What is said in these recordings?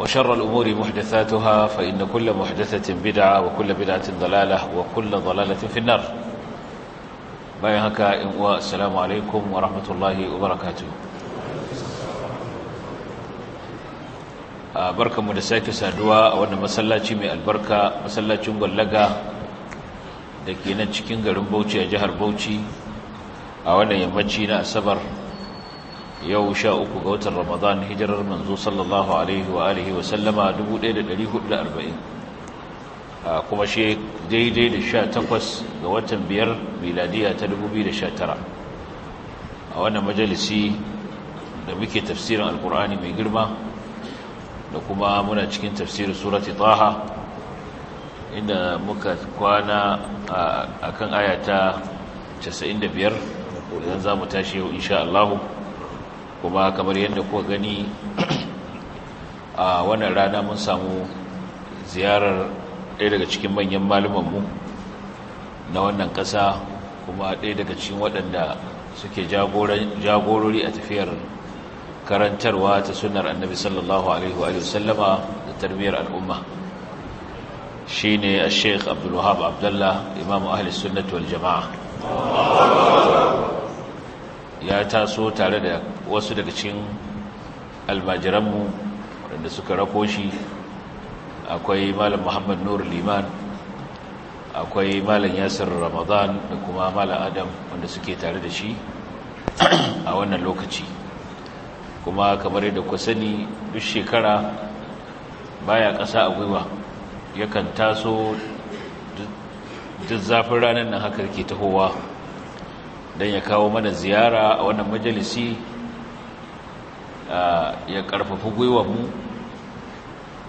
وشر الأمور محدثاتها فإن كل محدثة بدعة وكل بدعة ضلالة وكل ضلالة في النار بايهك والسلام عليكم ورحمة الله وبركاته barkan mu da sake saduwa a wannan masallaci mai albarka masallacin gwallaga da ke nan cikin garin bauchi a jihar bauchi a wannan yammaci na asabar yau sha uku ga watan ramadan hijirar manzo sallallahu alaihi wa alihi wa sallama 1440 kuma shi daidai da sha takwas ga watan biyar miladiya ta 2019 a wannan majalisi da muke tafsirin alkur'ani mai girma da kuma muna cikin tafsirin surati taha inda muka kwana a kan ayata 95 idan za mu tashi yau insha kuma kamar yadda kuka gani a wannan rana mun samu ziyarar ɗaya daga cikin manyan malumanmu na wannan ƙasa kuma ɗaya daga cikin waɗanda suke jagorori a tafiyar karantarwa ta sunar annabi sallallahu alaihi wa sallama da tarbiyyar al'umma shi ne a sheikh abdullahab abdullah imamu ahalis sunnatu wal jama'a ya taso tare da wasu daga cikin almajiranmu waɗanda suka rako shi akwai malam muhammad nur liman akwai malam yasir ramadan da kuma malam adam wanda suke tare da shi a wannan lokaci kuma kamar yadda ku sani duk shekara baya ƙasa a gwiwa yakan taso duk zafin ranar nan haka ke tahowa don ya kawo mana ziyara a wannan majalisi ya ƙarfafi mu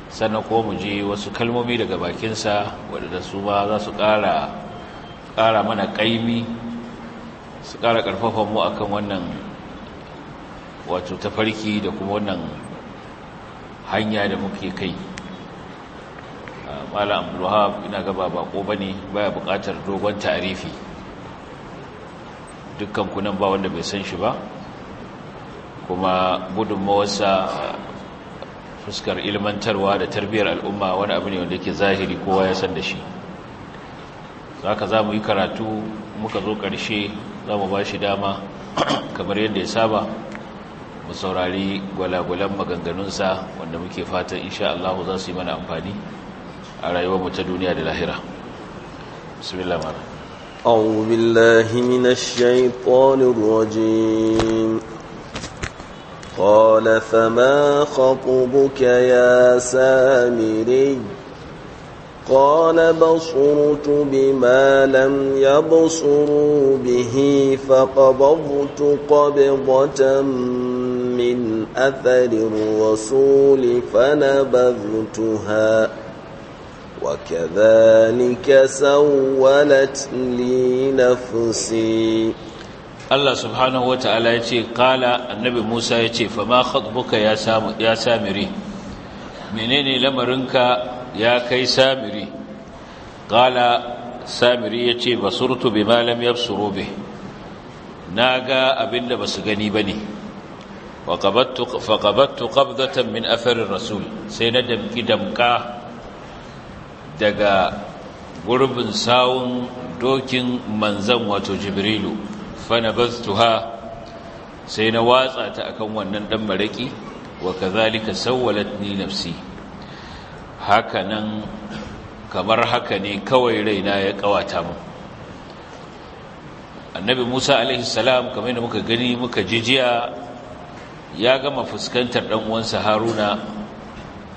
sannan kuma mu je wasu kalmomi daga bakinsa waɗanda su ma za su ƙara mana ƙaimi su ƙara ƙarfafa mu akan wannan wato tafarki da kuma wannan hanya da muke kai mala abdulwahab ina gaba ba bako bane baya bukatar dogon tarifi dukkan kunan ba wanda bai san shi ba kuma sa fuskar ilmantarwa da tarbiyyar al'umma wani abu ne wanda yake zahiri kowa ya san da shi za ka za mu yi karatu muka zo ƙarshe za mu ba shi dama kamar yadda ya saba mu saurari gwalagwalan maganganunsa wanda muke fatan insha Allah za su yi mana amfani a rayuwarmu ta duniya da lahira bismillah أعوذ بالله من الشيطان الرجيم قال فما خطبك يا سامري قال بصرت بما لم يبصروا به فقبضت قبضة من أثر الرسول فنبذتها وكذلك سولت لي نفسي Allah subhanahu wa ta'ala ya ce, Kala annabi Musa ya ce, Fama khatbuka ya, samiri, menene lamarinka ya kai samiri? Kala samiri ya ce, Basurtu bi malam ya surobe, na ga abin da ba su gani ba ne, faƙabattu ƙabdatan min afarin Rasul, sai na damki damka daga gurbin sawun dokin manzan wato jibrilu fanabastuha sai na watsa ta akan wannan dan maraki wa kazalika sawwalat ni nafsi hakanan kamar haka ne kawai raina ya kawata mu annabi Musa alaihi salam kamar da muka gani muka jijiya ya gama fuskantar dan uwansa Haruna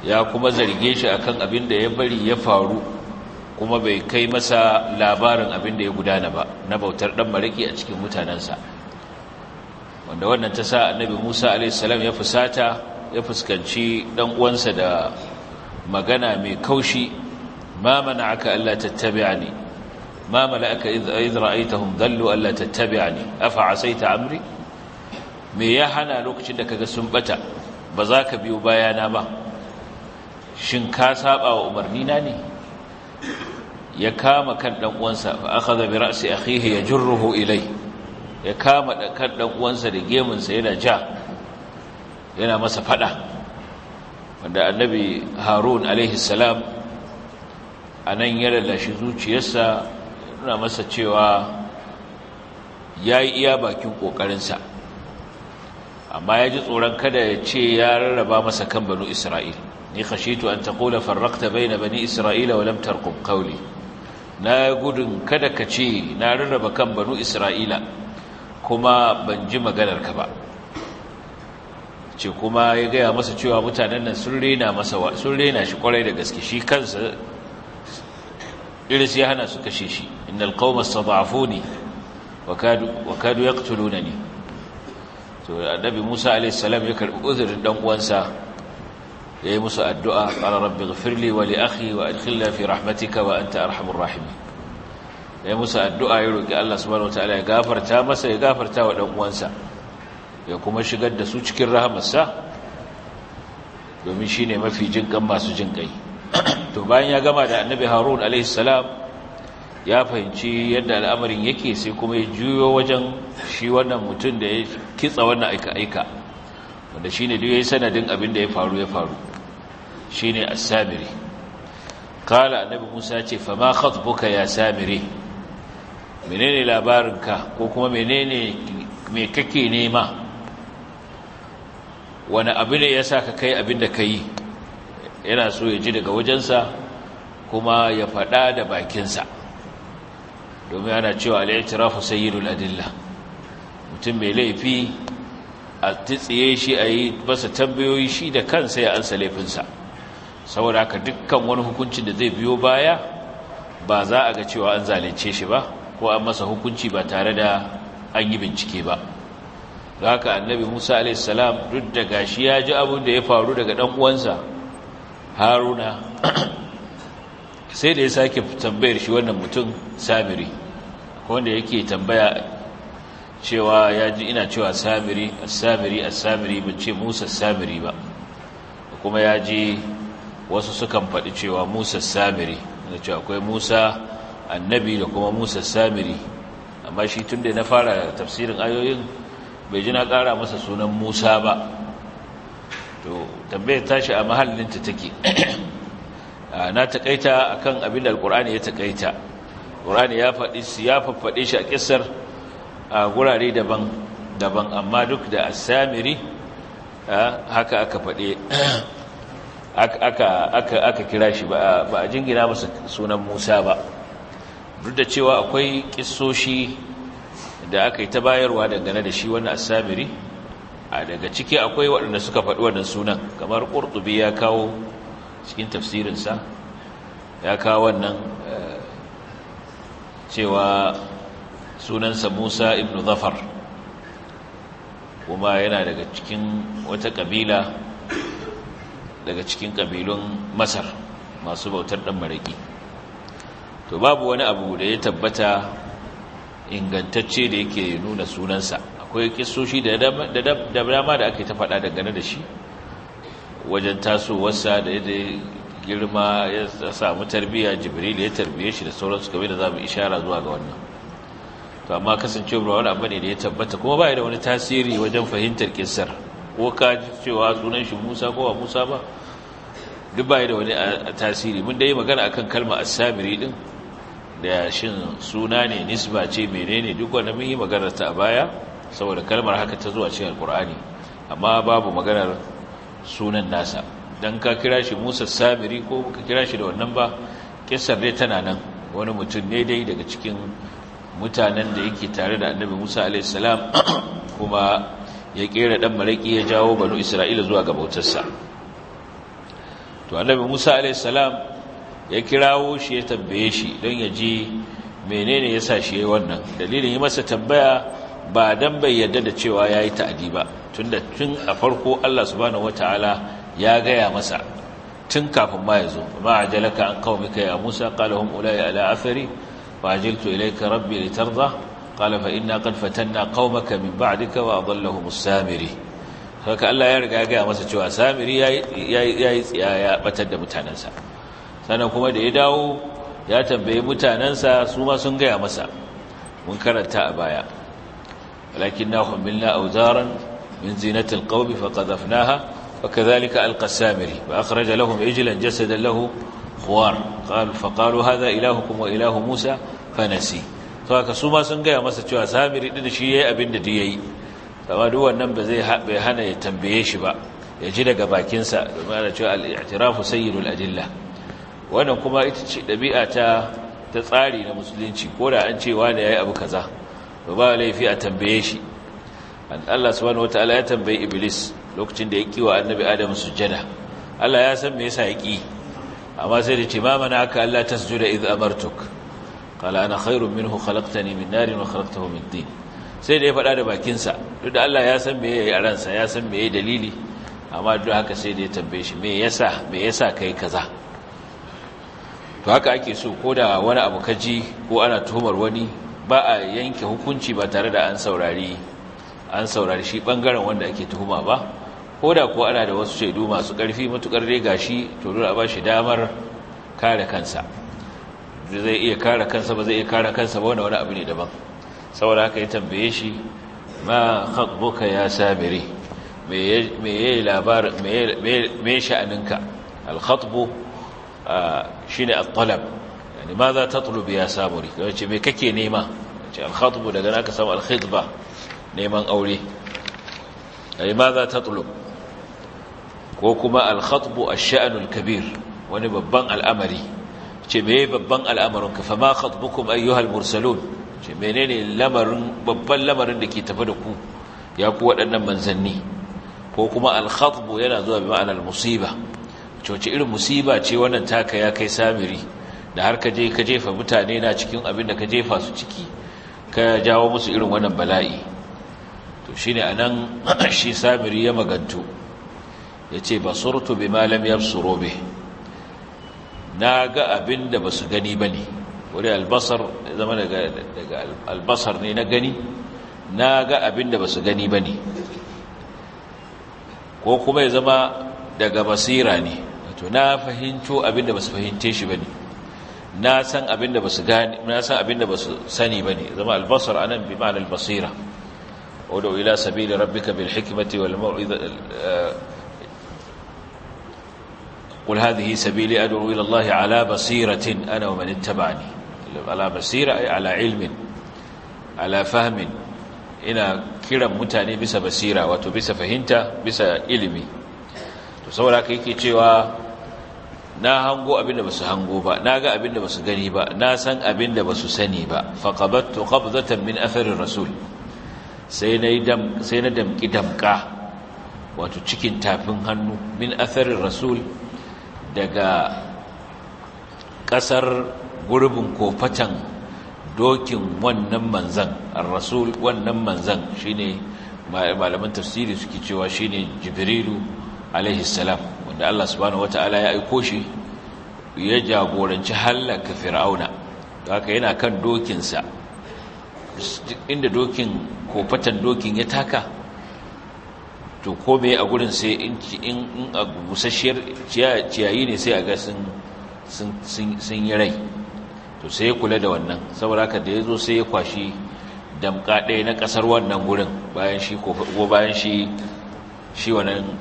ya kuma zarge shi a kan abin da ya bari ya faru kuma bai kai masa labarin abin da ya gudana ba na bautar ɗan maraki a cikin mutanensa wanda wannan ta sa annabi Musa a.s. ya fusata ya fuskanci ɗan uwansa da magana mai kaushi ma aka Allah ne ma mala'aka idh ra'aytahum zallo Allah tattabi'ani afa ta amri me ya hana lokacin da kaga sun bata ba za ka biyo bayana ba shin ka saba wa umarni na ne ya kama kan dan uwansa fa akhadha bi ra'si akhihi yajruhu ilay ya kama kan dan uwansa da gemun sa yana ja yana masa fada wanda annabi harun alaihi salam anan ya shi zuciyarsa yana masa cewa yayi iya bakin kokarin sa amma ya ji tsoron kada ya ce ya rarraba masa kan banu isra'ila ni khashitu an taqula farraqta baina bani isra'ila wa lam tarqub qawli na gudun kada ka ce na rarraba kan banu isra'ila kuma ban ji maganar ka ba ce kuma ya gaya masa cewa mutanen nan sun rena masa wa sun rena shi kwarai da gaske shi kansa iris ya hana su kashe shi innal qauma sadafuni wa kadu wa kadu yaqtulunani to annabi Musa alaihi salam ya karbi uzurin dan uwansa ya yi musu addu'a a rabbi ighfirli wa li akhi wa adkhilna fi rahmatika wa anta arhamur ya yayi musu addu'a ya roki Allah subhanahu wataala ya gafarta masa ya gafarta wa dan uwansa ya kuma shigar da su cikin rahamarsa domin shine mafi jinkan masu jinkai to bayan ya gama da annabi harun alaihi salam ya fahimci yadda al'amarin yake sai kuma ya juyo wajen shi wannan mutum da ya kitsa wannan aika-aika wanda shi ne duk ya yi sanadin abin da ya faru ya faru shine as-samiri kala annabi Musa ce fa ma khatbuka ya samiri menene labarinka ko kuma menene me kake nema wani abu ne yasa ka kai abin da ka yi? yana so ya ji daga wajensa kuma ya faɗa da bakinsa domin ana cewa al'itirafu sayyidul adilla mutum mai laifi a titsiye shi a yi masa tambayoyi shi da kansa ya ansa laifinsa saboda haka dukkan wani hukuncin da zai biyo baya ba za a ga cewa an zalunce shi ba ko an masa hukunci ba tare da an yi bincike ba da haka annabi musa alaihissalam duk da gashi ya ji abin da ya faru daga ɗan uwansa haruna sai da ya sake tambayar shi wannan mutum samiri wanda yake tambaya cewa ya ji ina cewa samiri samiri samiri bace musa samiri ba kuma ya ji wasu sukan faɗi cewa musa samiri da cewa akwai musa annabi da kuma musa samiri amma shi tun da na fara tafsirin ayoyin bai ji na ƙara masa sunan musa ba to tambayar tashi a mahallinta take na takaita akan abin da alkur'ani ya takaita ƙur'ani ya faɗi ya faɗe shi a ƙisar a gurare daban daban amma duk da samiri haka aka faɗe aka kira shi ba a jingina masa sunan musa ba duk da cewa akwai kisoshi da aka yi ta bayarwa dangane da shi wani asamiri a daga ciki akwai waɗanda suka faɗi wannan sunan kamar ƙurɗubi ya kawo cikin tafsirinsa ya kawo wannan eh, cewa sunansa musa ibn zafar kuma yana daga cikin wata ƙabila daga cikin ƙabilun masar masu bautar ɗan maraƙi to babu wani abu da ya tabbata ingantacce da yake nuna sunansa akwai kisoshi da dama da ake ta faɗa dangane da shi wajen tasowarsa da yadda girma ya samu tarbiyya jibril ya tarbiye shi da sauransu kamar da za mu ishara zuwa ga wannan to amma kasancewa wani abu ne da ya tabbata kuma ba da wani tasiri wajen fahimtar kisar ko ka ji cewa sunan shi musa ko ba musa ba duk bai da wani tasiri mun dai magana akan kalmar as sabiri din da shin suna ne nisba ce menene duk wanda mun yi magana ta baya saboda kalmar haka ta zuwa cikin alqur'ani amma babu maganar sunan nasa dan ka kira shi Musa Samiri ko ka kira shi da wannan ba kissar dai tana nan wani mutum ne dai daga cikin mutanen da yake tare da Annabi Musa alaihi salam kuma ya kera dan maraki ya jawo banu isra'ila zuwa ga bautarsa to annabi musa alaihi salam ya kirawo shi ya tambaye shi don ya ji menene ya sa shi ya wannan dalilin yi masa tambaya ba dan bai yarda da cewa yayi ta'adi ba tunda tun a farko allah subhanahu wataala ya gaya masa tun kafin ma ya zo ma ajalaka an kawo mika ya musa qalahum ulai ala afari fa ajiltu ilayka rabbi litarda qala fa inna qad fatanna qaumaka min ba'dika wa adallahum as-samiri haka Allah ya riga ya ga masa cewa samiri yayi yayi ya batar da mutanansa sannan kuma da ya dawo ya tambaye mutanansa su ma sun gaya masa mun karanta a baya walakin na humilna auzaran min zinatil qaumi fa qadhafnaha wa kadhalika alqa samiri fa akhraja lahum ijlan jasadan lahu khuwar qal fa qalu hadha ilahukum wa ilahu musa fa nasi sau haka su ma sun gaya masa cewa samiri ɗin shi ya yi abin da ya yi amma duk wannan ba zai hana ya tambaye shi ba ya ji daga bakinsa domin ana cewa al'itirafu sayyidul adilla wannan kuma ita ce ɗabi'a ta ta tsari na musulunci ko da an cewa wani ya yi abu kaza to ba laifi a tambaye shi Allah subhanahu wataala ya tambayi iblis lokacin da ya wa annabi adam sujjada Allah ya san me yasa ya ki amma sai da ce ma mana haka Allah tasjuda idh amartuk qala ana khairun minhu khalaqtani min narin wa khalaqtahu min tin sai da ya faɗa da sa duk da Allah ya san me yayi a ransa ya san me yayi dalili amma duk haka sai da ya tambaye shi me yasa me yasa kai kaza to haka ake so ko da wani abu kaji ko ana tuhumar wani ba a yanke hukunci ba tare da an saurari an saurari shi bangaren wanda ake tuhuma ba koda ko ana da wasu shaidu masu karfi matukar dai gashi to dole a ba shi damar kare kansa zai iya kare kansa ba zai iya kare kansa ba wani abu ne daban saboda haka ya tambaye shi ma khatbuka ya samiri me ya labar me ya sha'aninka al-khatbu shine at-talab yani ma za ta tulub ya samiri kamar me kake nema ce al-khatbu daga naka samu al-khitba neman aure yani ma za ta tulub ko kuma al-khatbu ash-sha'nul kabir wani babban al'amari ce me babban al'amarin fa ma khatbukum ayyuhal mursalun ce menene lamarin babban lamarin da ke tafi da ku ya ku waɗannan manzanni ko kuma al khatbu yana zuwa bi ma'anar musiba coci irin musiba ce wannan taka ya kai samiri da har ka je ka jefa mutane na cikin abin da ka jefa su ciki ka jawo musu irin wannan bala'i to shine anan shi samiri ya magantu yace basurtu bima lam yabsuru bih na ga abin da ba su gani ba ne wani albasar zama daga albasar ne na gani na ga abin da ba su gani ba ne ko kuma ya zama daga basira ne wato na fahimto abin da ba su fahimce shi ba ne na san abin da ba su sani ba ne zama albasar anan bi ma'anar basira wadda ila sabi da rabbika bil hikimati wal ma'u'izatil قل هذه سبيلي أدعو إلى الله على بصيرة أنا ومن اتبعني على بصيرة أي على علم على فهم إنا kiran mutane bisa basira wato bisa fahimta bisa ilimi to saboda haka yake cewa na hango abinda basu hango ba na ga abinda basu gani ba na san abinda basu sani ba faqabattu qabdatan min athari rasul sai na dam sai na damki damka wato cikin tafin hannu min athari rasul daga ƙasar gurbin kofatan dokin wannan manzan rasul wannan manzan shine malaman tafsiri suke cewa shine jibrilu alaihi salam wanda Allah subhanahu wataala ya aiko shi ya jagoranci halaka fir'auna haka yana kan dokinsa inda dokin kofatan dokin ya taka to ko me a gurin sai in in a busasshiyar ciyayi ne sai a ga sun yi rai to sai ya kula da wannan saboda haka da ya zo sai ya kwashi damka ɗaya na ƙasar wannan gurin bayan shi ko bayan shi shi wannan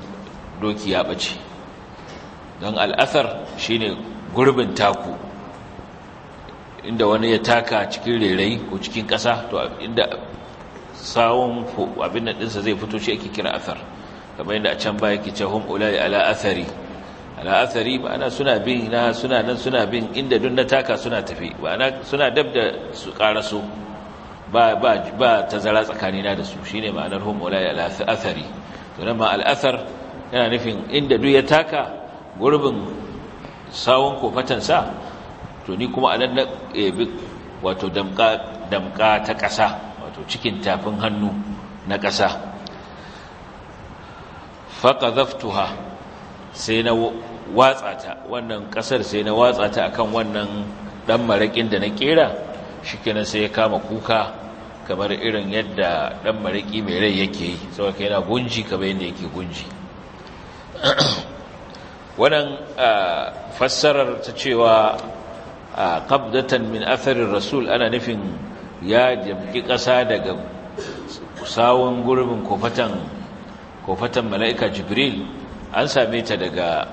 doki ya ɓace don al'asar shi ne gurbin taku inda wani ya taka cikin rairayi ko cikin ƙasa to inda sawon abin ɗinsa zai fito shi ake kira asar kamar yadda a can baya ke ce hum ulai ala athari ala athari ma'ana suna bin na suna nan suna bin inda duk na taka suna tafi ana suna dab da su karaso ba ba ba tazara tsakanina da su shine ma'anar hum ulai ala athari to nan ma al athar yana nufin inda duk ya taka gurbin sawon sa to ni kuma anan na bi wato damka damka ta ƙasa wato cikin tafin hannu na ƙasa faqadhaftuha sai na watsa ta wannan kasar sai na watsa ta akan wannan ɗan marakin da na kera shikenan sai ya kama kuka kamar irin yadda dan maraki mai rai yake yi saboda yana gunji kamar yadda yake gunji wannan fassarar ta cewa qabdatan min asarin rasul ana nufin ya jabki ƙasa daga sawun gurbin kofatan kofatan mala'ika jibril an same ta daga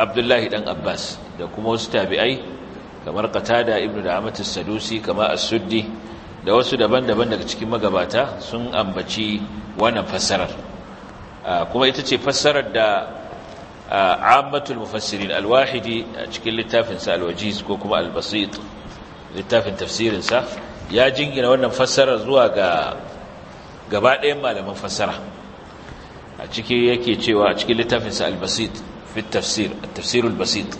abdullahi dan abbas da kuma wasu tabi'ai kamar Katada ibnu da amatus sadusi kamar asuddi da wasu daban-daban daga cikin magabata sun ambaci wannan fassarar kuma ita ce fassarar da ammatul mufassirin al a cikin littafinsa al ko kuma al littafin tafsirinsa ya jingina wannan fassarar zuwa ga gaba ɗayan malaman fassara a ciki yake cewa a cikin littafinsa al-basit fi tafsir tafsir al-basit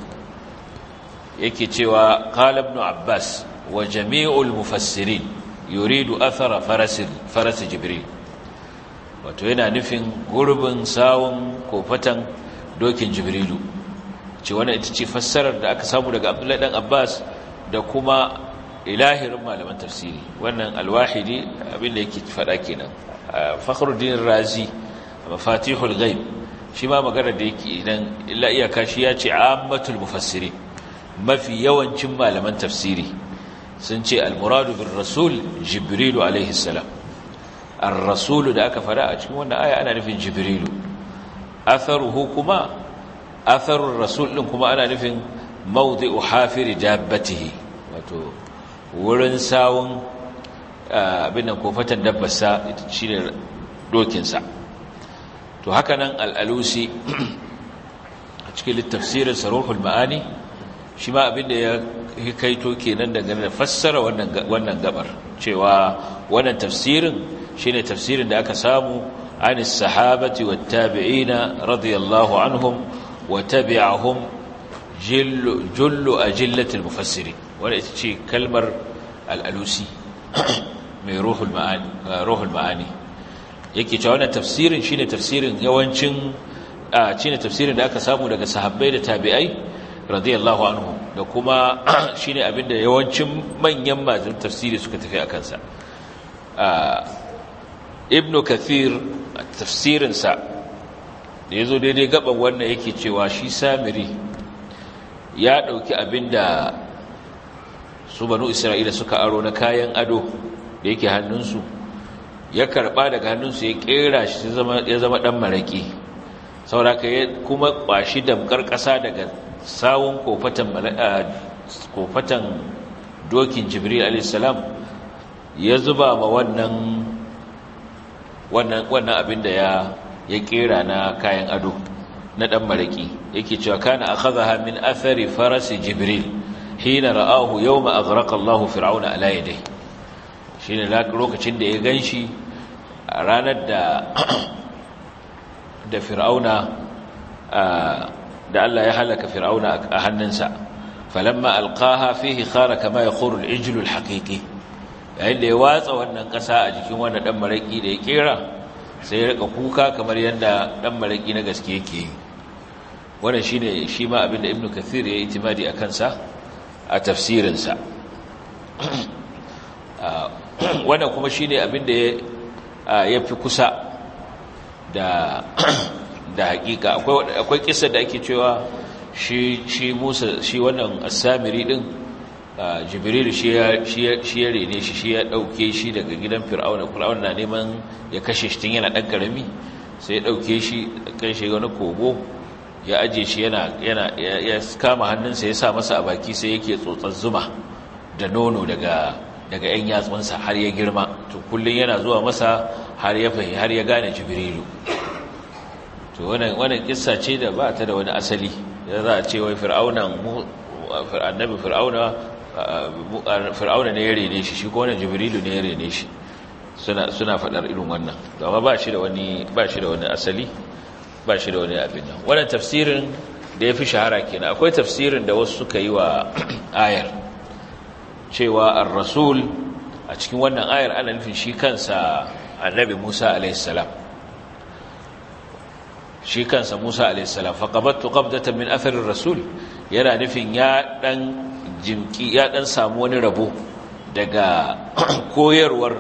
yake cewa qala ibn abbas wa jami'ul mufassirin yuridu athara faras faras jibril wato yana nufin gurbin sawun kofatan dokin jibrilu ce wannan ita ce fassarar da aka samu daga abdullahi dan abbas da kuma ilahirin malaman tafsiri wannan alwahidi abinda yake faɗa kenan fakhruddin razi mafatihul ghaib shi ma magana da yake idan illa iyaka shi ce ammatul mafi yawancin malaman tafsiri sun ce almuradu bin rasul jibrilu alaihi salam ar-rasulu da aka fara a cikin wannan aya ana nufin jibrilu atharuhu kuma atharur rasul din kuma ana nufin mawdi'u hafiri dabbatihi wato wurin sawun ah, abin nan ko fatan dabbarsa ita shine dokin sa to haka nan al'alusi a cikin tafsirin saruhul ma'ani shi ma abinda ya hikaito kenan daga da fassara wannan gabar cewa wannan tafsirin shine tafsirin da aka samu anis sahabati wat tabi'ina radiyallahu anhum wa tabi'ahum jullu ajillatul mufassiri wanda ita ce kalmar al'alusi mai ruhul ma'ani yake cewa wannan tafsirin shine tafsirin yawancin shine tafsirin da aka samu daga sahabbai da tabi'ai radiyallahu anhu da kuma shine abinda yawancin manyan mazun tafsiri suka tafi a kansa ibn kathir tafsirinsa da yazo daidai gaban wannan yake cewa shi samiri ya ɗauki abinda su banu isra'ila suka aro na kayan ado da yake hannunsu ya karɓa daga hannunsu ya kera shi ya zama dan maraki sauraka ya kuma kwashi damkar ƙasa daga sawun kofatan dokin jibril alisalam ya zuba ma wannan wannan abin da ya ƙera na kayan ado na dan maraki yake cewa kana akhadha min athari faras jibril hina ra'ahu yawma aghraqa Allahu fir'auna ala Shi shine lokacin da ya ganshi ranar da da fir'auna da Allah ya halaka fir'auna a hannunsa falamma alqaha fihi khara kama yakhuru al-ijlu al-haqiqi yayin da ya watsa wannan kasa a jikin wannan dan maraki da ya kera sai ya rika kuka kamar yadda dan maraki na gaske yake yi wannan shine shi ma abinda ibnu kathir ya itimadi a kansa a tafsirinsa wannan kuma shine abinda ya ya fi kusa da da hakika akwai kisa da ake cewa shi musa shi wannan asamiri din jibril shi ya rene shi shi ya dauke shi daga gidan fir'auna fir'auna na neman ya kashe shi tun yana dan karami sai ya dauke shi kan shi wani kogo ya aje shi yana ya kama hannunsa ya sa masa a baki sai yake tsotsar zuma da nono daga daga yan yatsunsa har ya girma to kullun yana zuwa masa har ya fahi har ya gane jibrilu to wannan wannan kissa ce da ba ta da wani asali za a ce wai fir'auna annabi fir'auna fir'auna ne ya rene shi shi ko wani jibrilu ne ya rene shi suna suna fadar irin wannan amma ba shi da wani ba shi da wani asali ba shi da wani abin nan wannan tafsirin da ya fi shahara kenan akwai tafsirin da wasu suka yi wa ayar cewa ar-rasul a cikin wannan ayar ana nufin shi kansa annabi Musa alayhi alaihissalam shi kansa Musa alayhi alaihissalam faqabattu qabdatan min athar ar-rasul yana nufin ya dan jimki ya dan samu wani rabo daga koyarwar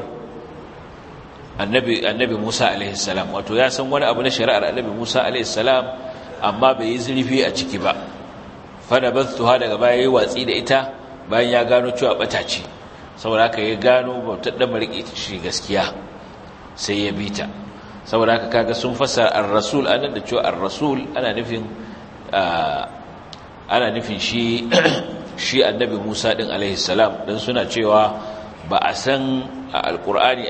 annabi annabi Musa alayhi alaihissalam wato ya san wani abu na shari'ar annabi Musa alayhi alaihissalam amma bai yi zurfi a ciki ba fa nabathuha daga baya yi watsi da ita bayan ya gano cewa bata ce saboda haka ya gano bautar da mariki ce gaskiya sai ya bi ta saboda haka kaga sun fasa ar-rasul anan da cewa ar-rasul ana nufin shi shi annabi Musa din alaihi salam dan suna cewa ba a san a alkur'ani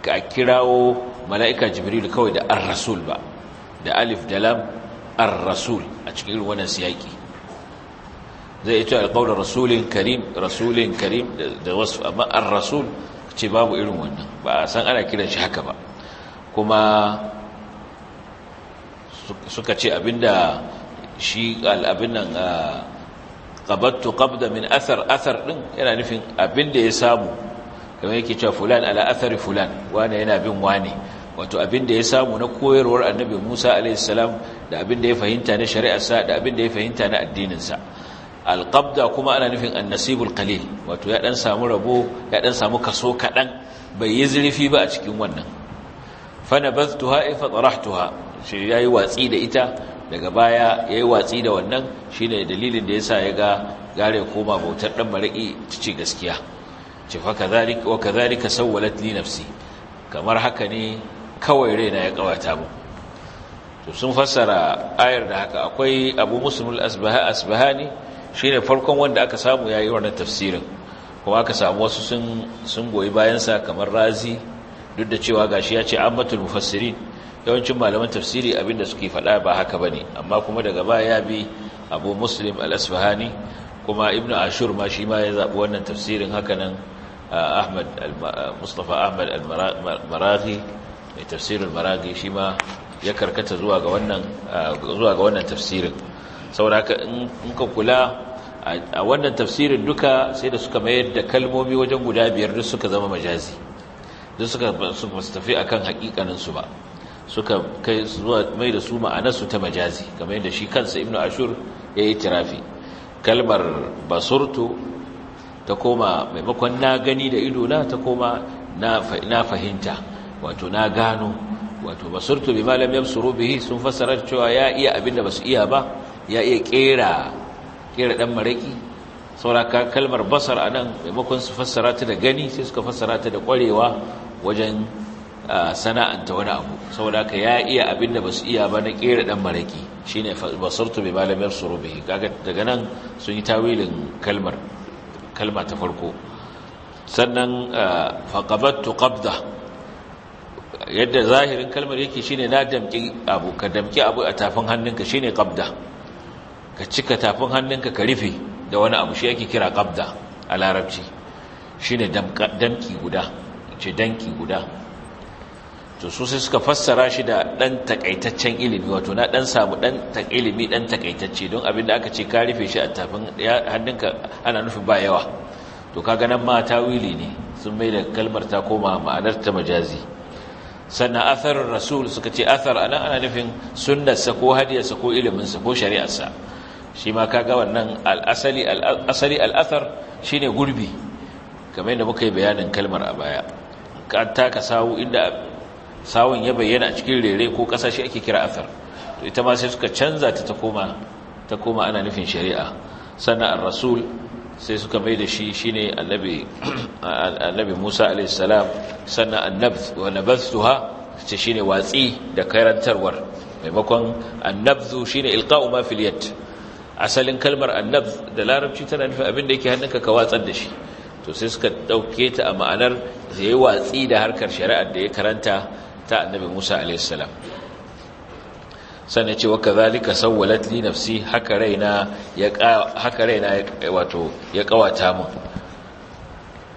ka kirawo mala'ika jibril kawai da ar-rasul ba da alif da lam rasul a cikin wannan siyaki zai ita alƙawar rasulin karim rasulin karim da wasu amma an rasul ce babu irin wannan ba a san ana kiran shi haka ba kuma suka ce abinda shi al'abin nan a ƙabattu ƙabda min asar asar ɗin yana nufin abinda ya samu kamar yake cewa fulan ala asari fulan wane yana bin wane wato abinda ya samu na koyarwar annabi Musa alaihissalam da abinda ya fahimta na shari'arsa da abinda ya fahimta na addininsa alqabda kuma ana nufin annasibul qalil wato ya dan samu rabo ya dan samu kaso kadan bai yi zurfi ba a cikin wannan fa nabaztuha eh, fa tarahtuha shi yayi watsi da ita daga baya yayi watsi da wannan shine dalilin da yasa ya ga gare koma bautar dan maraki cici gaskiya ce fa kadhalika wa kadhalika sawalat li nafsi kamar haka ne kawai raina ya kawata mu to sun fassara ayar da haka akwai abu muslimul asbaha asbahani ne farkon wanda aka samu yi wannan tafsirin kuma aka samu wasu sun goyi goyi bayansa kamar razi duk da cewa gashi ya ce ammatul mufassirin yawancin malaman tafsiri abinda suke faɗa ba haka ba ne, amma kuma daga baya ya bi Abu Muslim al kuma Ibn Ashur ma shi ma ya zaɓi wannan tafsirin haka nan Ahmad Ahmad al-Maraghi tafsirin Maraghi shi ma ya karkata zuwa ga wannan tafsirin sauraka in ka kula a wannan tafsirin duka sai da suka mayar da kalmomi wajen guda biyar duk suka zama majazi duk suka basu tafi akan hakikaninsu ba suka kai zuwa mai da su ma'anarsu ta majazi kamar yadda shi kansa ibnu ashur ya yi tirafi kalmar basurtu ta koma maimakon na gani da ido na ta koma na fahimta wato na gano wato basurtu bi malam yamsuru bihi sun fassara cewa ya iya abin da basu iya ba ya iya kera kera dan maraki sauraka kalmar basar a nan maimakon su fassara ta da gani sai suka fassara ta da kwarewa wajen sana'anta wani abu saboda ka ya iya abin da ba su iya ba na kera dan maraki shine basartu mai malamiyar su kaga daga nan sun yi tawilin kalmar kalma ta farko sannan faqabattu ƙabda, yadda zahirin kalmar yake shine na damki abu ka damki abu a tafin hannunka shine ƙabda. ka cika tafin hannunka ka rufe da wani abu shi yake kira Kabda, a larabci shine damki guda ce danki guda to su sai suka fassara shi da dan takaitaccen ilimi wato na dan samu dan takilimi dan takaitacce don abin da aka ce ka rufe shi a tafin hannunka ana nufin ba yawa to kaga nan ma tawili ne sun mai da kalmar ta koma ma'anar ta majazi sannan atharin rasul suka ce athar ana ana nufin sunnarsa ko hadiyarsa ko iliminsa ko shari'arsa shi ma kaga wannan al'asali al'asali al'athar shine gurbi kamar yadda muka yi bayanin kalmar a baya ka taka sawu inda sawun ya bayyana a cikin rere ko ƙasa shi ake kira athar to ita ma sai suka canza ta ta koma ta koma ana nufin shari'a sannan ar-rasul sai suka mai da shi shi ne annabi musa alaihissalam sannan annabzuha ce shi ne watsi da karantarwar maimakon annabzu shi ne ilka'u mafiliyat asalin kalmar annab da larabci tana nufin abin da yake hannunka ka watsar da shi to sai suka ɗauke ta a ma'anar da ya watsi da harkar shari'ar da ya karanta ta annabi musa a.s. sannan cewa ka zalika sauwalat li nafsi haka raina ya kawata min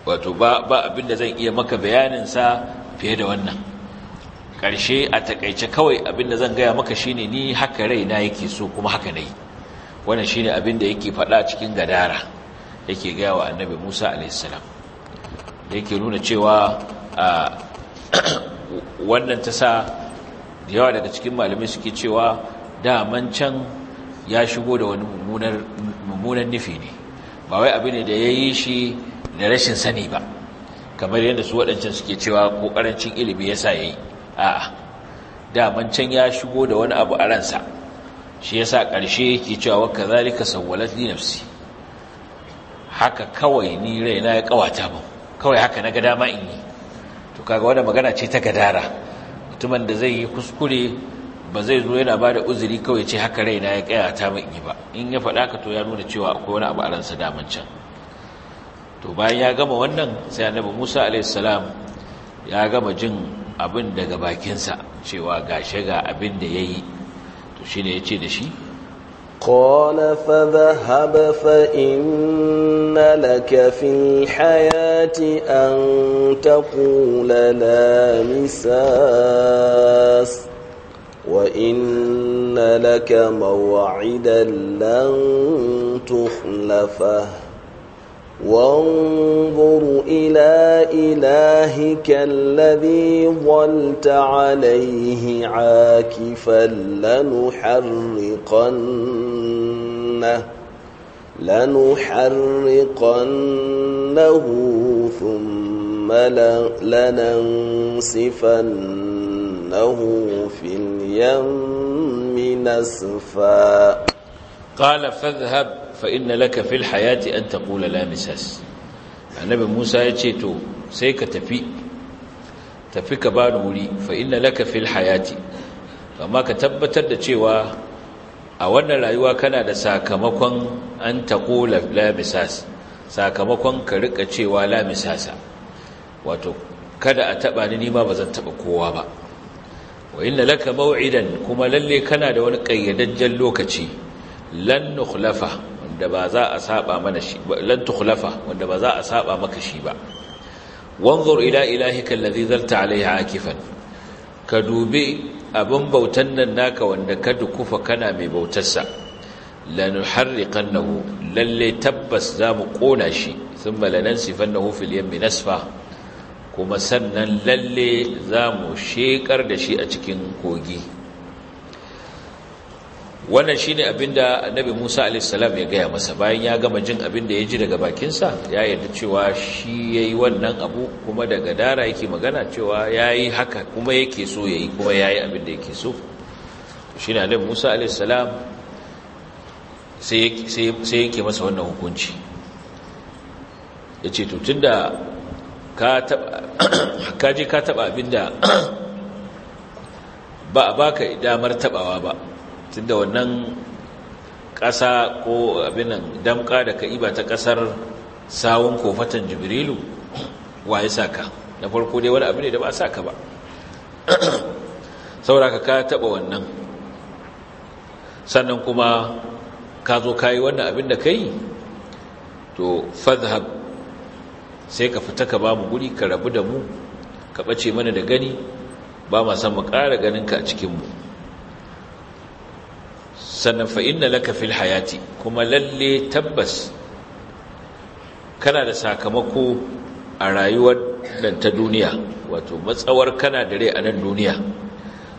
wato ba abin da zan iya maka bayanin sa fiye da wannan ƙarshe a takaice kawai abin da zan gaya maka shine ni haka raina yake so kuma haka na yi. wannan shine abin da yake faɗa cikin gadara yake gaya wa annabi Musa alaihissalam da yake nuna cewa wannan ta sa yawa daga cikin malamai suke cewa daman can ya shigo da wani mummunan nufi ne ba wai abin ne da yayi shi da rashin sani ba kamar yadda su waɗancan suke cewa ko cin ilimi yasa yayi ya yi a'a daman can ya shigo da wani abu a ransa shi yasa ƙarshe yake cewa kazalika sawwalat li nafsi haka kawai ni raina ya kawata ba kawai haka na ga dama in yi to kaga wannan magana ce ta gadara mutumin da zai yi kuskure ba zai zo yana bada uzuri kawai ce haka raina ya kayata ba in yi ba in ya faɗa ka to ya nuna cewa akwai wani abu a ransa daman can to bayan ya gama wannan sai annabi Musa salam ya gama jin abin daga bakinsa cewa gashe ga abin da yayi shi ne ya ce da shi ƙwale hayati an ta ƙula na misas wa inna laka mawa’idan lantun lafa وانظر إلى إلهك الذي ظلت عليه عاكفا لنحرقنه لنحرقنه ثم لننسفنه في اليم نسفا قال فاذهب fa inna laka fil hayati an taqula la misas annabi Musa ya ce to sai ka tafi tafi ka bani wuri fa inna laka fil hayati amma ka tabbatar da cewa a wannan rayuwa kana da sakamakon an taqula la sakamakon ka rika cewa la misasa wato kada a taɓa ni nima bazan taba kowa ba wa inna laka maw'idan kuma lalle kana da wani ƙayyadajjen lokaci lan nukhlafa wanda ba za a saba mana shi lan tukhlafa wanda ba za a saba maka shi ba wanzur ila ilahika allazi zalta alaiha akifan ka dube abin bautan nan naka wanda ka dukufa kana mai bautarsa lanuharriqannahu lalle tabbas zamu kona shi thumma lanansifannahu fil yammi nasfa kuma sannan lalle mu shekar da shi a cikin kogi wannan shi shine abinda annabi Musa alaihi ya gaya masa bayan ya gama jin abinda ya ji daga bakinsa ya yarda cewa shi ya yi wannan abu kuma daga dara yake magana cewa ya yi haka kuma yake so ya yi kuma ya yayi abinda yake so shi ne annabi Musa alaihi sai ya yake masa wannan hukunci yace to tunda da ka je ka taba abinda ba a baka damar tabawa ba da wannan ƙasa ko abin damƙa da iba ta ƙasar sawun kofatan jibrilu wa ya ka? na farko dai wani abu da ba sa ka ba sauraka ka taɓa wannan sannan kuma ka zo ka yi wannan abin da ka yi to fadhab sai ka fita ka ba mu guri ka rabu da mu ka ɓace mana da gani ba ma san mu ƙara ganinka a cikinmu sannan fa inna laka fil hayati kuma lalle tabbas kana da sakamako a rayuwar nan ta duniya wato matsawar kana da rai a nan duniya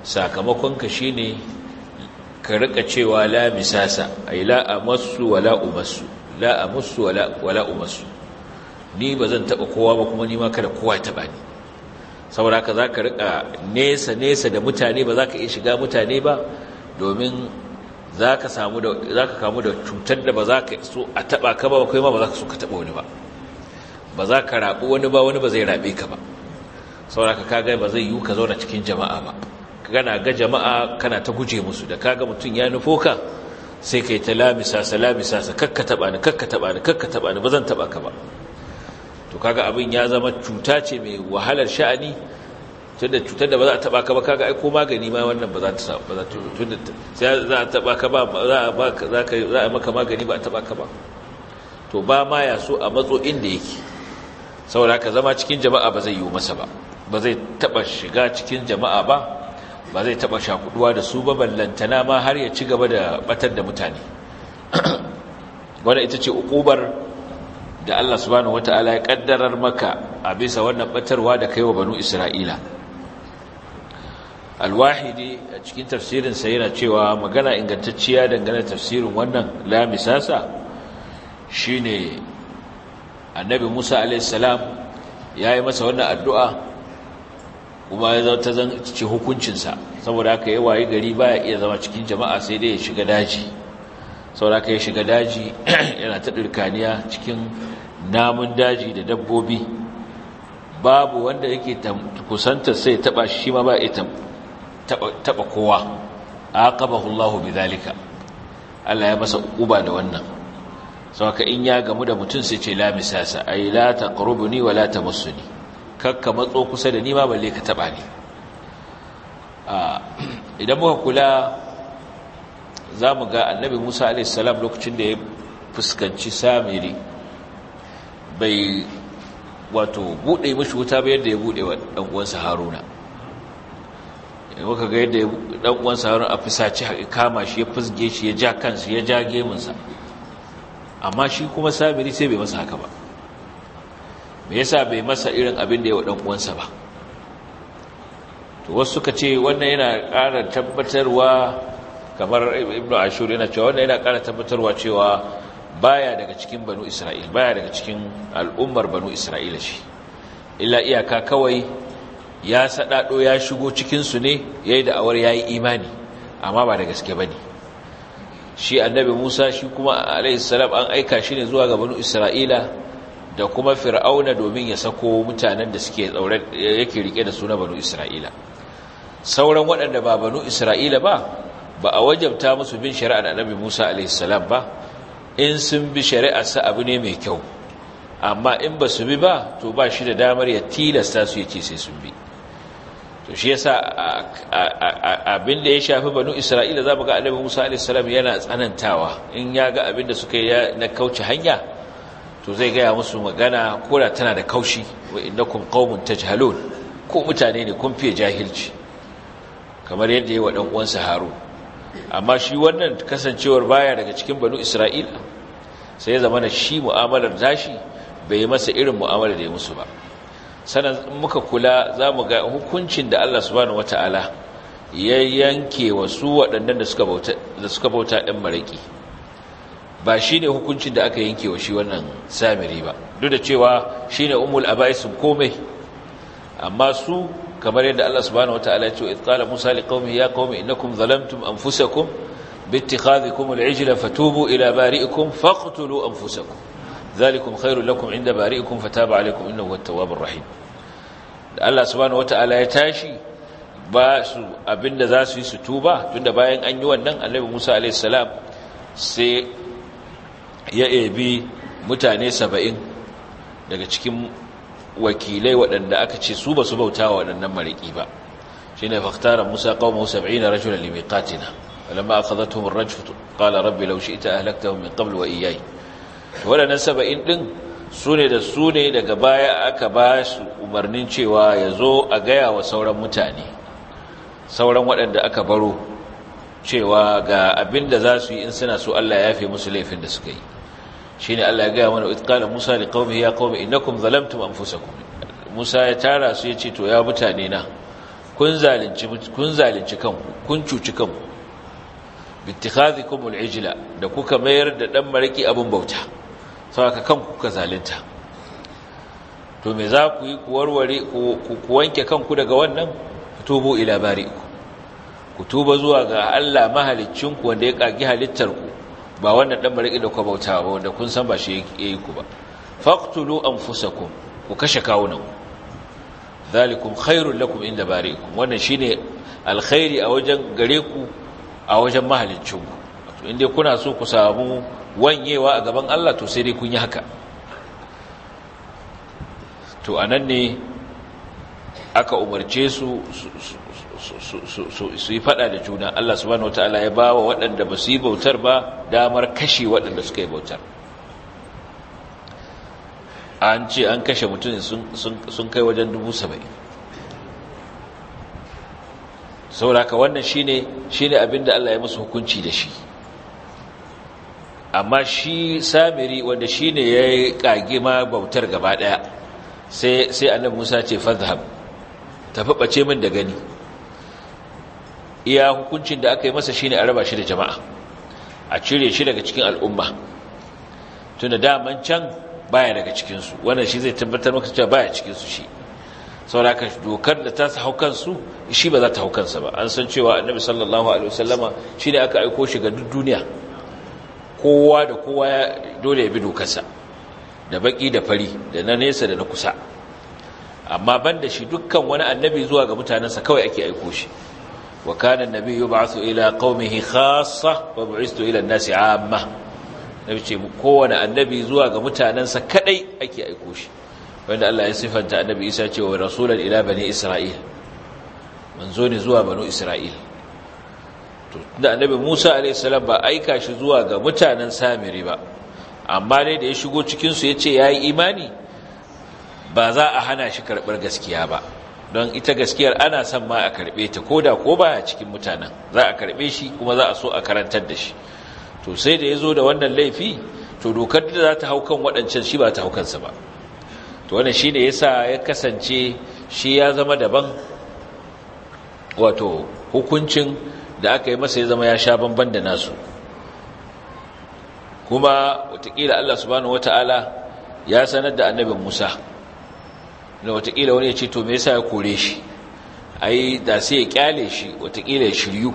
sakamakonka shine ka rika cewa la misasa ay la amassu wala umassu la amassu wala wala ni taba kowa ba kuma ni ma kada kowa ya taba ni saboda za zaka rika nesa nesa da mutane ba ka iya shiga mutane ba domin za ka kamu da cutar da ba za ka so a taɓa ka ba kai ma ba za ka so ka taɓa wani ba ba za ka rabu wani ba wani ba zai raɓe ka ba ka kaga ba zai yiwu ka zauna cikin jama'a ba kana ga jama'a kana ta guje musu da kaga mutum ya nufo ka sai kai ta lamisa sa sa kakka taba ni kakka taba ni kakka taba ni ba zan taba ka ba to kaga abin ya zama cuta ce mai wahalar sha'ani tunda cutar da ba za a taba ka ba kaga ai ko magani ma wannan ba za ta sa ba za ta tunda sai za a taba ka ba za a ba za ka za a maka magani ba a taba ka ba to ba ma ya so a matso inda yake saboda ka zama cikin jama'a ba zai yi masa ba ba zai taba shiga cikin jama'a ba ba zai taba shakuduwa da su ba ballantana ma har ya ci gaba da batar da mutane wannan ita ce ukubar da Allah subhanahu wataala ya kaddarar maka a bisa wannan batarwa da kaiwa banu Isra'ila alwahidi a cikin tafsirin tafsirinsa yana cewa magana ingantacciya dangane tafsirin wannan lamisasa, misasa shine annabi Musa a.s. ya yi masa wannan addu'a kuma ya zan zanci hukuncinsa saboda haka yi waye gari baya iya zama cikin jama'a sai dai ya shiga daji saboda haka ya shiga daji yana ta ɗirkaniya cikin namun daji da dabbobi babu wanda yake kusanta sai taɓa shi ma ba ya taba kowa a aqabahu bi zalika Allah ya masa uba da wannan saboda in ya gamu da mutum sai ce la misasa ay la taqrubuni wa la tamassuni kakka matso kusa da ni ma balle ka taba ni idan muka kula zamu ga annabi Musa alaihi salam lokacin da ya fuskanci Samiri bai wato bude mishi wuta ba yadda ya bude wa dan uwansa Haruna waka ga yadda dan uwan sauran a fisaci kama shi ya fusge shi ya ja kansa ya ja gemunsa amma shi kuma samiri sai bai masa haka ba me yasa bai masa irin abin da ya wa dan ba to wasu suka ce wannan yana ƙara tabbatarwa kamar ibnu ashur yana cewa wannan yana ƙara tabbatarwa cewa baya daga cikin banu isra'il baya daga cikin al'ummar banu isra'ila shi illa iyaka kawai ya saɗaɗo ya shigo cikinsu ne ya da awar ya yi imani amma ba da gaske ba shi annabi musa shi kuma alaihissalam an aika shi ne zuwa gabanin isra'ila da kuma fir'auna domin ya sako mutanen da suke tsaure yake rike da su na banu isra'ila sauran waɗanda ba banu isra'ila ba ba a wajabta musu bin shari'ar annabi musa alaihissalam ba in sun bi shari'ar sa abu ne mai kyau amma in ba su bi ba to ba shi da damar ya tilasta su ya ce sai sun bi to shi yasa abin da ya shafi banu isra'ila za mu ga annabi musa alaihissalam yana tsanantawa in ya ga abin da suka yi na kauce hanya to zai gaya musu magana ko da tana da kaushi wa innakum qaumun tajhalun ko mutane ne kun fiye jahilci kamar yadda ya wa dan uwansa haru amma shi wannan kasancewar baya daga cikin banu isra'ila sai ya zama shi mu'amalar zashi bai masa irin mu'amalar da ya musu ba sanan muka kula za mu ga hukuncin da Allah subhanahu wata'ala ya yanke wa su waɗannan da suka bauta ɗan maraƙi ba shi ne hukuncin da aka yanke wa shi wannan samiri ba duk da cewa shi ne umul abaisun komai amma su kamar yadda Allah subhanahu wata'ala ya ce idh qala musa liqaumi ya qaumi innakum zalamtum anfusakum bi ittikhadhikum al-ijla fatubu ila bari'ikum faqtulu anfusakum zalikum khairul lakum inda bari'ikum fataba alaikum innahu at-tawwabur rahim da Allah subhanahu ya tashi ba su abinda za su yi su tuba tunda bayan an yi wannan Annabi Musa alaihi salam sai ya ebi mutane 70 daga cikin wakilai waɗanda aka ce su ba su bauta wa waɗannan mariki ba shine faktara Musa qaumahu 70 rajulan limiqatina falamma akhadhatuhum ar-rajfatu qala rabbi law shi'ta ahlaktahum min qabl wa iyyaya waɗannan saba'in ɗin su ne da su ne daga baya aka ba su umarnin cewa ya zo a gaya wa sauran mutane sauran waɗanda aka baro cewa ga abin da za su yi in suna so Allah ya fi musu laifin da suka yi shi ne Allah ya gaya mana itkala musa da kawai ya kawai innakum zalamtum anfusakum musa ya tara su ya ce to ya mutane na kun zalunci kanku kun cuci kanku bittikhadhikum al da kuka mayar da ɗan maraki abin bauta saboda kanku kuka zalunta to me za ku yi ku ku wanke kanku daga wannan tubu ila bariku, ku tuba zuwa ga Allah mahaliccinku wanda ya kagi halittarku ba wannan dan mariki da ku bauta ba wanda kun san ba shi yayi ku ba faqtulu anfusakum ku kashe kawunanku zalikum khairul lakum inda bariku. wannan shine alkhairi a wajen gare ku a wajen mahaliccinku inda kuna so ku samu wanyewa a gaban Allah to sai dai kun yi haka to anan ne aka umarce su su yi fada da juna Allah subhanahu wataala ya ba wa waɗanda ba su yi bautar ba damar kashe waɗanda suka yi bautar an ce an kashe mutum sun kai wajen dubu saba'in ka wannan shine shine abinda Allah ya musu hukunci da shi amma shi samiri wanda shi ne ya yi ƙage ma bautar gaba ɗaya sai annabi musa ce fadhab tafi ɓace min da gani iya hukuncin da aka yi masa shi ne a raba shi da jama'a a cire shi daga cikin al'umma tuna daman can baya daga cikinsu wannan shi zai tabbatar maka cewa baya cikinsu shi sauraka dokar da ta hau kansu shi ba za ta hau kansa ba an san cewa annabi sallallahu alaihi wasallama shi ne aka aiko shi ga duk duniya kowa da kowa dole ya bi dokarsa da baki da fari da na nesa da na kusa amma banda shi dukkan wani annabi zuwa ga mutanensa kawai ake aiko shi wa kana annabi yub'athu ila qaumihi khassa wa bu'istu ila an-nasi 'amma nabi ce kowane annabi zuwa ga mutanensa kadai ake aiko shi wanda Allah ya sifanta annabi Isa cewa rasulan ila bani Isra'il manzo ne zuwa bani Isra'il to da annabi Musa alaihi salam ba aika shi zuwa ga mutanen Samiri ba amma dai da ya shigo cikin su yace yayi imani ba za a hana shi karbar gaskiya ba don ita gaskiyar ana son ma a karbe ta koda ko baya cikin mutanen za a karbe shi kuma za a so a karantar da shi to sai da yazo da wannan laifi to dokar da za ta hau kan waɗancan shi ba ta hau kansa ba to wannan shine yasa ya kasance shi ya zama daban wato hukuncin da aka yi masa ya zama ya sha bamban da nasu kuma watakila Allah subhanahu wata'ala ya sanar da annabin Musa da watakila wani ya ce to me yasa ya kore shi ai da sai ya kyale shi watakila ya shiryu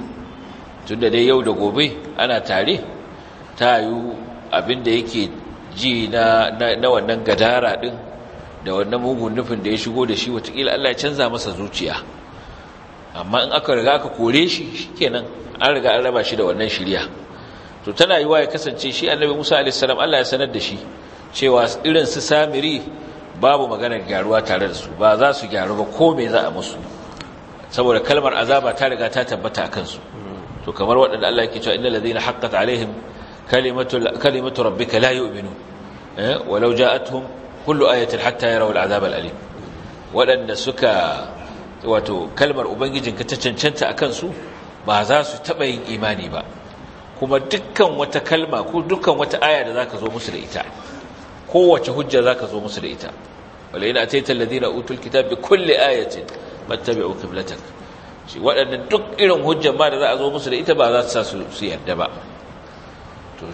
tunda dai yau da gobe ana tare ta yi abin da yake ji na, na, wannan gadara din da wannan mugun nufin da ya shigo da shi watakila Allah ya canza masa zuciya amma in aka riga aka kore shi shikenan an riga an raba shi da wannan shirya to tana yiwa ya kasance shi annabi Musa alayhis Allah ya sanar da shi cewa irin su samiri babu maganar gyaruwa tare da su ba za su gyaru ba ko me za a musu saboda kalmar azaba ta riga ta tabbata a kansu to kamar waɗanda Allah yake cewa innal ladina haqqat alaihim kalimatu kalimatu rabbika la yu'minu eh, walau ja'atuhum kullu ayatin hatta yarawu al'azab al'alim waɗanda suka wato kalmar ubangijinka ta cancanta a kansu ba za su taɓa yin imani ba kuma dukkan wata kalma ko dukkan wata aya da za ka zo musu da ita kowace hujja za ka zo musu da ita wale yana taita ladina utul kitab bi kulle ayatin mattabi'u qiblatak shi waɗannan duk irin hujjan ma da za a zo musu da ita ba za su sa su yarda ba to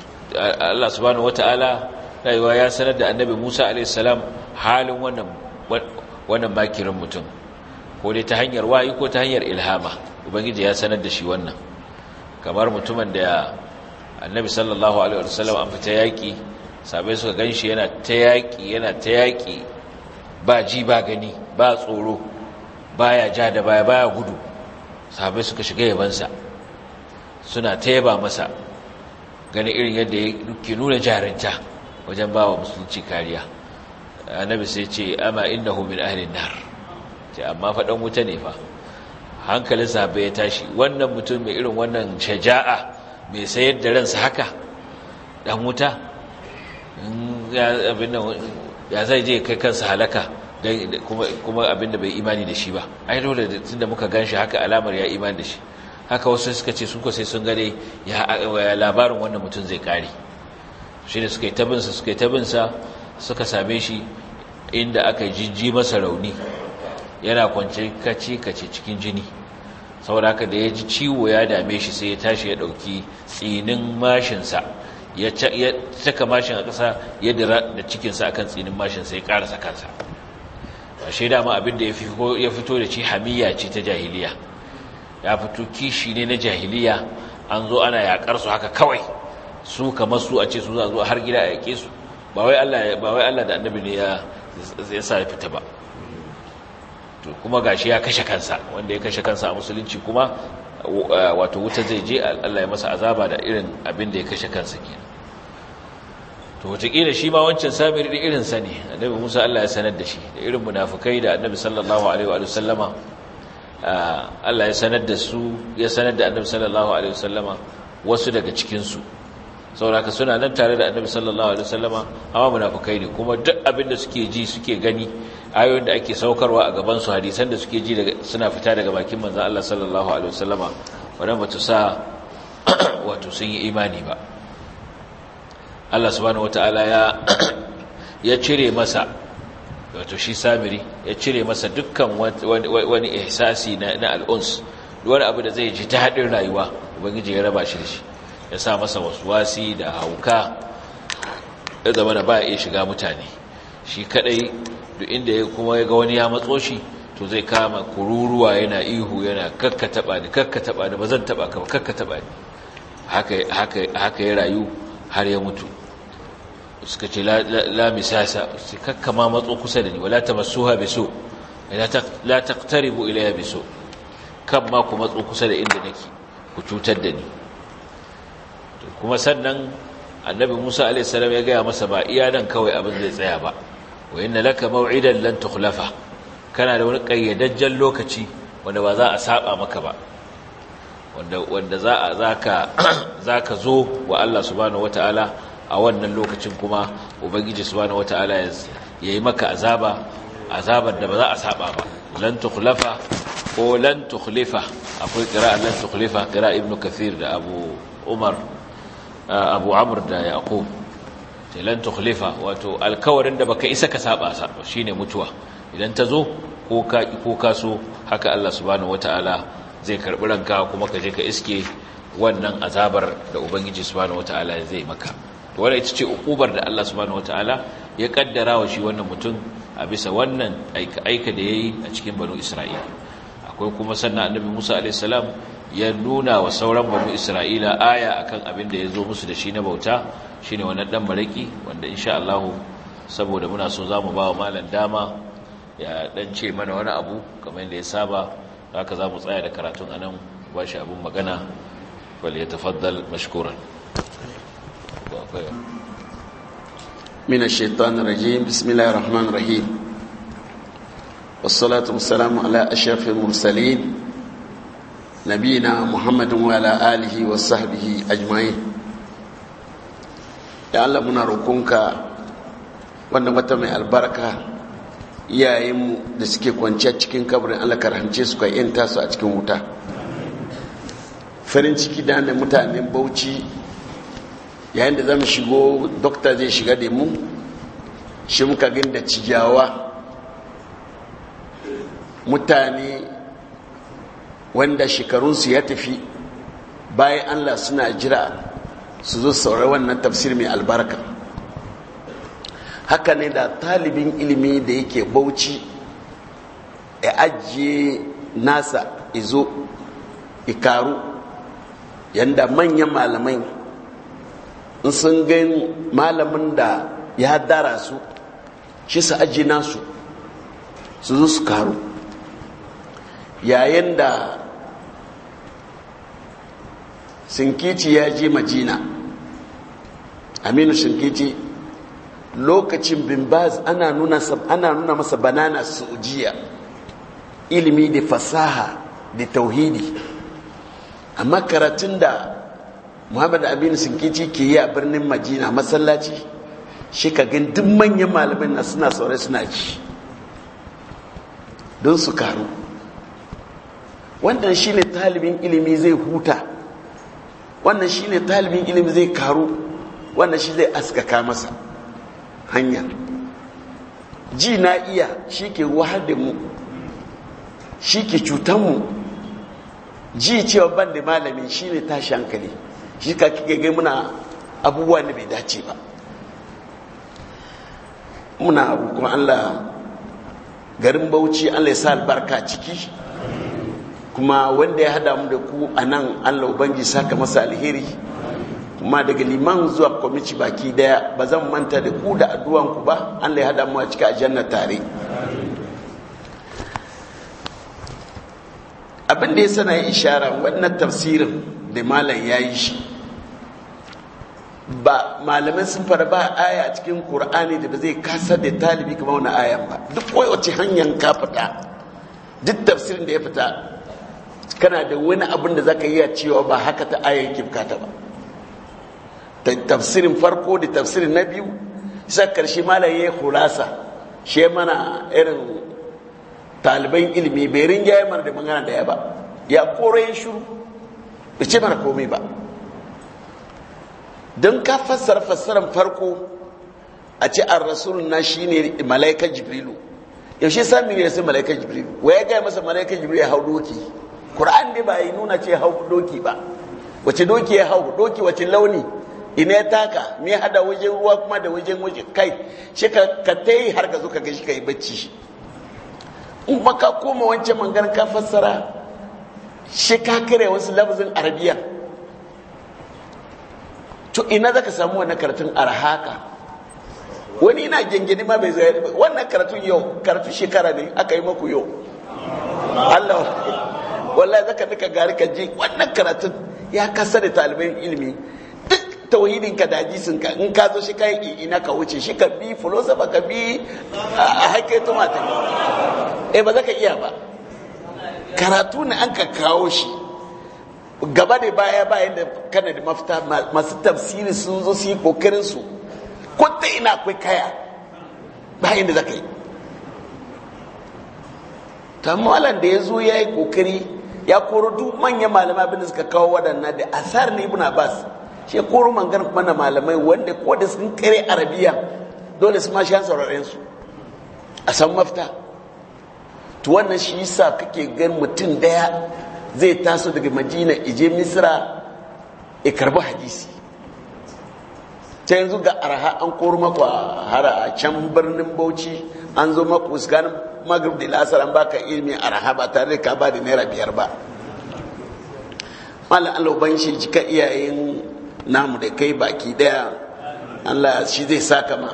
Allah subhanahu wataala rayuwa ya sanar da annabi Musa alaihi salam halin wannan wannan makirin mutum ko dai ta hanyar wa'i ko ta hanyar ilhama ubangiji ya sanar da shi wannan kamar mutumin da annabi sallallahu alaihi wasallam an fita yaki sabai suka ganshi yana ta yaki yana ta yaki ba ji ba gani ba tsoro baya ja da baya baya gudu sabai suka shiga yabansa suna ta yaba masa gani irin yadda yake nuna jarinta wajen bawa musulunci kariya annabi sai ce amma innahu min ahlin nar ce amma faɗan wuta ne fa hankalin sahabbai ya tashi wannan mutum mai irin wannan shaja'a mai sayar da ransa haka ɗan wuta ya zai je kai kansa halaka kuma abinda bai imani da shi ba ai dole da muka gan shi haka alamar ya imani da shi haka wasu suka ce sun sai sun gane ya labarin wannan mutum zai kare shi da suka yi tabinsa suka yi tabinsa suka same shi inda aka jijji masa rauni yana kwance kaci kaci cikin jini saboda haka da ya ji ciwo ya dame shi sai ya tashi ya ɗauki tsinin mashinsa ya caka mashin a ƙasa ya dira da cikinsa akan tsinin mashin mashinsa ya ƙarasa kansa a shi dama abin da ya fito da ci hamiya ce ta jahiliya ya fito kishi ne na jahiliya an zo ana yaƙar su haka kawai su kamar su a ce su za zo har gida a yaƙe su ba wai Allah da annabi ne ya sa ya fita ba kuma gashi ya kashe kansa wanda ya kashe kansa a musulunci kuma eh, wato wuta zai je Allah ya masa azaba da irin abin da ya kashe kansa ke to wataƙila shi ma wancan samiri da irin sani annabi musa Allah ya sanar da shi da irin munafukai da annabi sallallahu alaihi wa sallama eh, Allah ya sanar da su ya sanar da annabi sallallahu alaihi wa sallama wasu daga cikin su sauraka suna nan tare da annabi sallallahu alaihi wa sallama amma munafukai ne kuma duk abin da suke ji suke gani ayoyin da ake saukarwa a gaban su hadisan da suke ji suna fita daga bakin manzon Allah sallallahu alaihi wasallama wannan ba sa wato sun yi imani ba Allah subhanahu wataala ya ya cire masa wato shi samiri ya cire masa dukkan wani ihsasi na al'uns wani abu da zai ji daɗin rayuwa ubangiji ya raba shi shi ya sa masa wasuwasi da hauka ya zama da ba ya iya shiga mutane shi kadai duk inda ya kuma ya ga wani ya matso shi to zai kama kururuwa yana ihu yana kakka taba ni kakka taba ni bazan taba ka kakka taba ni haka haka haka ya rayu har ya mutu suka ce la misasa sai kakka ma matso kusa da ni wala tamassuha bisu la taqtaribu ilayya bisu kan ma ku matso kusa da inda nake ku cutar da ni kuma sannan annabi Musa alaihi salam ya ga masa ba iya nan kawai abin zai tsaya ba wa inna laka maw'idan lan tukhlafa kana da wani kayyadajjen lokaci wanda ba za a saba maka ba wanda wanda za a zaka zaka zo wa Allah subhanahu wataala a wannan lokacin kuma ubangiji subhanahu wataala ya yi maka azaba azabar da ba za a saba ba lan tukhlafa ko lan tukhlifa akwai qira'a lan tukhlifa qira'a ibnu kathir da abu umar abu amr da yaqub tilan tukhlifa wato alkawarin da baka isa ka saba sa shine mutuwa idan ta zo ko ka ko ka so haka Allah subhanahu wataala zai karbi ranka kuma ka je ka iske wannan azabar da ubangiji subhanahu wataala zai maka to wannan ita ce ukubar da Allah subhanahu wataala ya kaddara wa shi wannan mutum a bisa wannan aika aika da yayi a cikin banu Isra'ila akwai kuma sannan annabi Musa alaihi salam ya nuna wa sauran babu isra'ila aya akan abin da ya zo musu da shi na bauta shine wannan dan baraki wanda insha Allah saboda muna so zamu ba wa malam dama ya dan ce mana wani abu kamar yadda ya saba haka zamu tsaya da karatun anan ba shi abun magana wal yatafaddal mashkuran من الشيطان الرجيم بسم الله الرحمن الرحيم والصلاة والسلام على أشرف المرسلين nabina muhammadin wala alihi wa sahbihi ajma'in ya Allah muna roƙonka wannan wata mai albarka iyayenmu da suke kwanciya cikin kabarin Allah karhance su ka yanta su a cikin wuta farin ciki da mutanen bauchi yayin da zamu shigo dokta zai shiga da mu shi muka gin da cijawa mutane wanda shekarunsu ya tafi bayan allah suna jira su zo saurai wannan tafsir mai albarka haka ne da talibin ilimi da yake bauchi ya ajiye nasa izo ikaru yadda manyan malamai in sun gan malamin da ya dara su shi su ajiye nasu su zo su karu yayin da sinkici ya je majina aminu sinkici lokacin bimbaz ana nuna, ana nuna masa banana saujiya ilimi da fasaha da tauhidi amma karatun da muhammad aminu sinkici ke yi a birnin majina masallaci shi ka gan duk manyan malamin na suna saurai suna ci don su karu wannan shine talibin ilimi zai huta wannan shine talibin ilimi zai karu wannan shi zai askaka masa hanya ji na iya shi ke wahar da mu shi ke cutanmu ji cewa ban da malami shi ne tashi hankali shi ka kike gai muna abubuwa ne bai dace ba muna abu kuma allah garin bauchi allah ya sa albarka ciki kuma wanda ya hada mu da ku a nan allah ubangi saka masa alheri kuma daga liman zuwa kwamici baki daya ba zan manta da ku da addu'anku ba allah ya hada mu a cika ajiyar tare abin da ya sana yi ishara wannan tafsirin da malam ya yi shi ba malamai sun fara ba aya a cikin kur'ani da ba zai kasar da talibi kama wani ayan ba duk wace hanyar ka fita duk tafsirin da ya fita kana da wani abin da zaka yi cewa ba haka ta ayan kifkata ba ta tafsirin farko da tafsirin na biyu sai karshe malam yayi khulasa she mana irin taliban ilimi bai ringa yayi mana da magana ba ya kora ya shuru shiru bai ce mara komai ba don ka fassara fassaran farko a ce an rasul na shi ne mala'ikan jibrilu yaushe sami ne sai mala'ikan jibrilu wa ya gaya masa mala'ikan jibrilu ya hau doki Qur'an dai ba yi nuna ce hau doki ba wace doki ya hau doki wace launi ina ya taka me hada wajen ruwa kuma da wajen waje kai shi ka ka yi har ka zo ka gashi kai bacci in ba ka koma wancan mangan ka fassara shi ka kare wasu lafazin arabiya to ina zaka samu wannan karatun arhaka wani ina gengeni ma bai zai wannan karatun yau karatun shekara ne aka yi maku yau Allah wallahi zaka duka gari ka je wannan karatun ya kasa da talibai ilimi duk tauhidin ka da hadisin ka in ka zo shi kai ina ka wuce shi ka bi philosopher ka bi a haike to mata eh ba zaka iya ba karatu ne an ka kawo shi gaba da baya bayan da kana da mafita masu tafsiri sun zo su yi kokarin su ko ta ina akwai kaya bayan da zaka yi tamu da ya zo ya yi kokari ya koro duk manyan malamai abin da suka kawo waɗannan da asar ne ibn abbas shi koro mangan kuma na malamai wanda ko da sun kare arabiya dole su ma shi sauraren su a san mafita to wannan shi yasa kake gan mutum daya zai taso daga madina ije misra ya karbi hadisi ta yanzu ga arha an koro makwa hara a can birnin bauchi an zo maku fuskanin magrib da lasar an baka ilmi a rahaba tare da ka ba da naira biyar ba malam allah ban shi jika iyayen namu da kai baki daya allah shi zai saka ma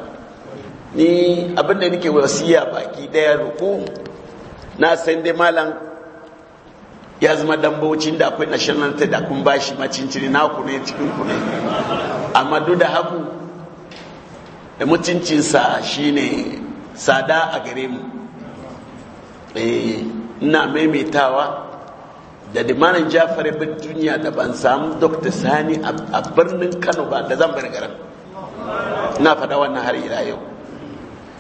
ni abinda nake wasiya baki daya ruku na san dai malam ya zama dambocin da akwai national da kun bashi macincini na ku ne cikin ku ne amma duk da haku da mutuncinsa shine sada a gare mu eh, ina maimaitawa da dimanin jafari bin duniya da ban samu dokta sani a birnin kano ba da zan bar garin na faɗa wannan har ila yau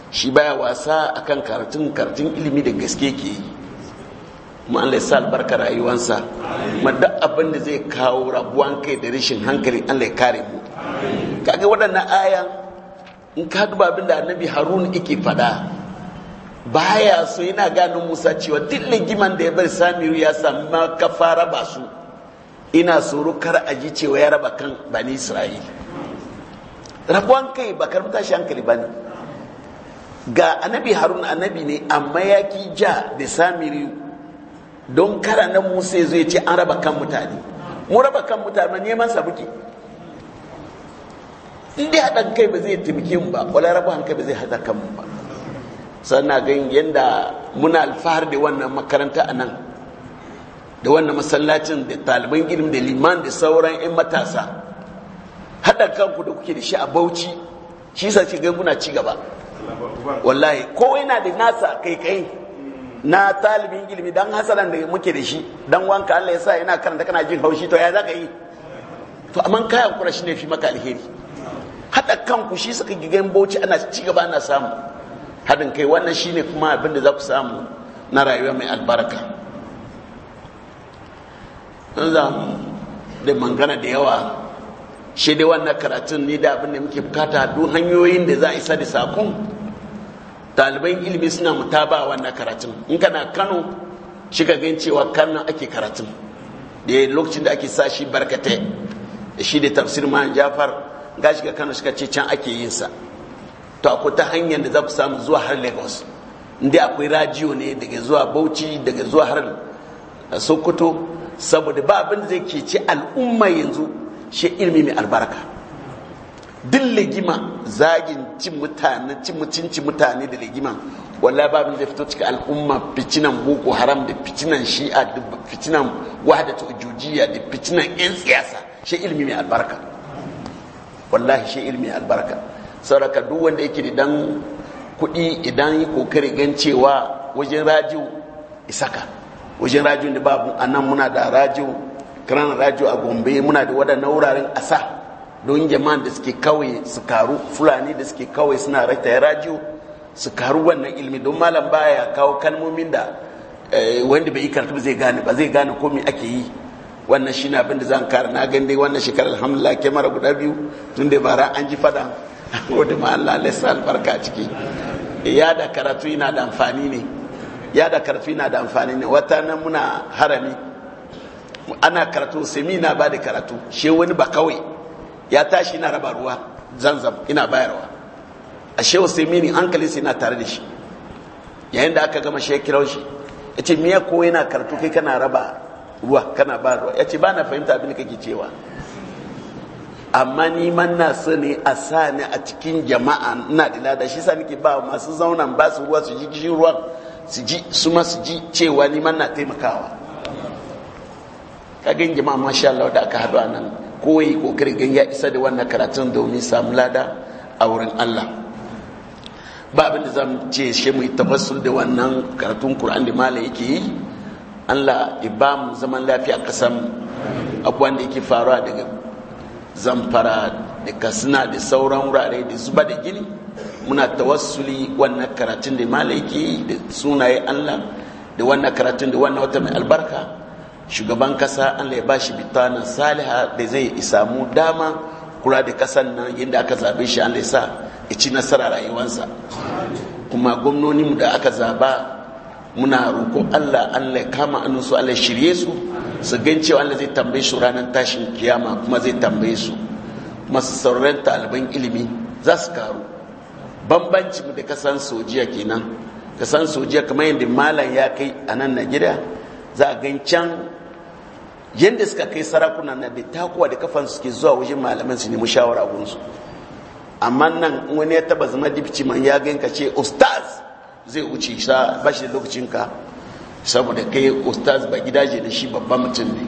shi baya wasa akan karatun karatun ilimi da gaske ke yi mu Allah albarka rayuwansa ma duk abin da zai kawo rabuwan kai da rashin hankali an laikare kare mu kage waɗannan ayan in ka duba abin da annabi harun yake fada baya so yana ganin musa cewa duk ligiman da ya bar samiru ya sami ma raba su ina tsoro kar a ji cewa ya raba kan bani isra'il rabuwan kai ba karbuta shi hankali ba ne ga annabi harun annabi ne amma ya ki ja da samiru don kara na musa ya zo ya ce an raba kan mutane mu raba kan mutane neman sabuki in dai haɗin kai ba zai taimake mu ba wala rabu hankali ba zai haɗa kan mu ba sannan ganin yadda muna alfahar da wannan makaranta a nan da wannan masallacin da taliban ilim da liman da sauran 'yan matasa haɗa kanku da kuke da shi a bauchi shi sa ci ganguna ci gaba wallahi ko yana da nasa kai kai na talibin ilimi dan hasalan da muke da shi dan wanka Allah ya sa yana karanta kana jin haushi to ya ka yi to amma kayan kura shi ne fi maka alheri haɗa kanku shi suka gigan bauchi ana ci gaba ana samu haɗin kai wannan shine kuma abin da za ku samu na rayuwa mai albarka in za mu da mangana da yawa shi dai wannan karatun ne da abin da muke bukata duk hanyoyin da za a isa da sakon ɗaliban ilimi suna a wannan karatun in kana kano shi ka gan cewa kano ake karatun da lokacin da ake sa shi barkatai da shi da tafsir ma jafar gashi ga kano suka ce can ake yin sa to akwai ta hanyar da za ku samu zuwa har lagos inda akwai rajiyo ne daga zuwa bauchi daga zuwa har eh, sokoto saboda ba abin da zai ke ci al'umma yanzu shi ilimi mai albarka duk legima zagin cin mutane cin mutunci mutane da ligima wallahi ba abin zai fito cikin al'umma fitinan boko haram da fitinan shi'a da ficinan wahadatu ujujiya da fitinan yan siyasa shi ilimi mai albarka wallahi shi ilmi albarka sauraka duk wanda yake da dan kuɗi idan yi kokari gancewa cewa wajen rajiyo isaka wajen rajiyo da babu a nan muna da rajiyo kiran rajiyo a gombe muna da wadana wuraren asa don jama'an da suke kawai su karu fulani da suke kawai suna rata rajiyo su karu wannan ilmi don malam baya kawo kalmomin da eh, wanda bai yi karatu zai gane ba zai gane ko ake yi wannan n'a abin da zan kara na gani wannan shekarar ke mara guda biyu tun da bara an ji fada ko ma Allah lissa albarka ciki ya da karatu yana da amfani ne ya da karatu yana da amfani ne wata nan muna harami ana karatu semi na ba da karatu shi wani ba kawai ya tashi na raba ruwa zanzam ina bayarwa a shewa semi ne an sai na tare da shi yayin da aka gama shekirau shi ya ce miya ko yana karatu kai kana raba ruwa kana ba ruwa ya ba na fahimta abin da kake cewa amma ni man na so ne a sa ni a cikin jama'a na da lada shi sa nake ba masu zauna ba su ruwa su ji kishin ruwa su ji su ma su ji cewa ni man na taimakawa kagan jama'a masha Allah da aka haɗu a nan kowai kokarin gan ya isa da wannan karatun domin samu lada a wurin Allah ba abin da zamu ce shi mu tafassul da wannan karatun Qur'an da malai yake yi Allah mu zaman lafiya kasan abubuwan da yake faruwa daga zamfara da kasina da sauran wurare da zuba da gini muna tawassuli wannan karatun da malaki da sunaye Allah da wannan karatun da wannan wata mai albarka shugaban kasa Allah ya bashi bitanan saliha da zai isamu dama kula da kasan nan yadda aka zabe shi Allah ya sa ya ci nasara rayuwarsa kuma mu da aka zaba muna roko Allah Allah kama su Allah shirye su su gan cewa Allah zai tambaye su ranar tashin kiyama kuma zai tambaye su masu sauran talibin ilimi za su karu bambanci da kasan sojiya kenan kasan sojiya kamar yadda malam ya kai a nan na gida za a gan can yadda suka kai sarakuna na da takuwa da kafan suke zuwa wajen malaman su nemi shawara gunsu amma nan wani ya taba zama dipci man ya gan ka ce ustaz zai wuce sa ba shi da ka saboda kai ustaz ba gidaje da shi babban mutum ne